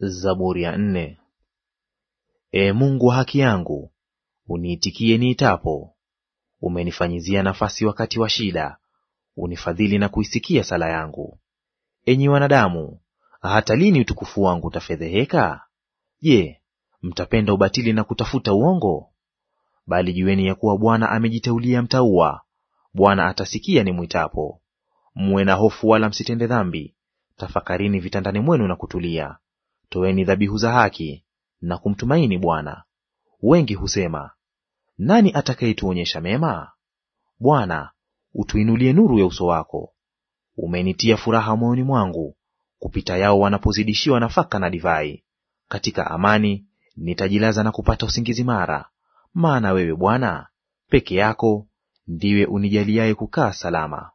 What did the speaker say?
Zaburi ya nne. Ee Mungu wa haki yangu, uniitikie niitapo. Umenifanyizia nafasi wakati wa shida, unifadhili na kuisikia sala yangu. Enyi wanadamu, hata lini utukufu wangu utafedheheka? Je, mtapenda ubatili na kutafuta uongo? Bali jueni ya kuwa Bwana amejiteulia mtaua; Bwana atasikia nimwitapo. Mwe na hofu, wala msitende dhambi; tafakarini vitandani mwenu na kutulia toeni dhabihu za haki na kumtumaini Bwana. Wengi husema, nani atakayetuonyesha mema? Bwana, utuinulie nuru ya uso wako. Umenitia furaha moyoni mwangu kupita yao wanapozidishiwa nafaka na divai. Katika amani nitajilaza na kupata usingizi mara, maana wewe Bwana peke yako ndiwe unijaliaye kukaa salama.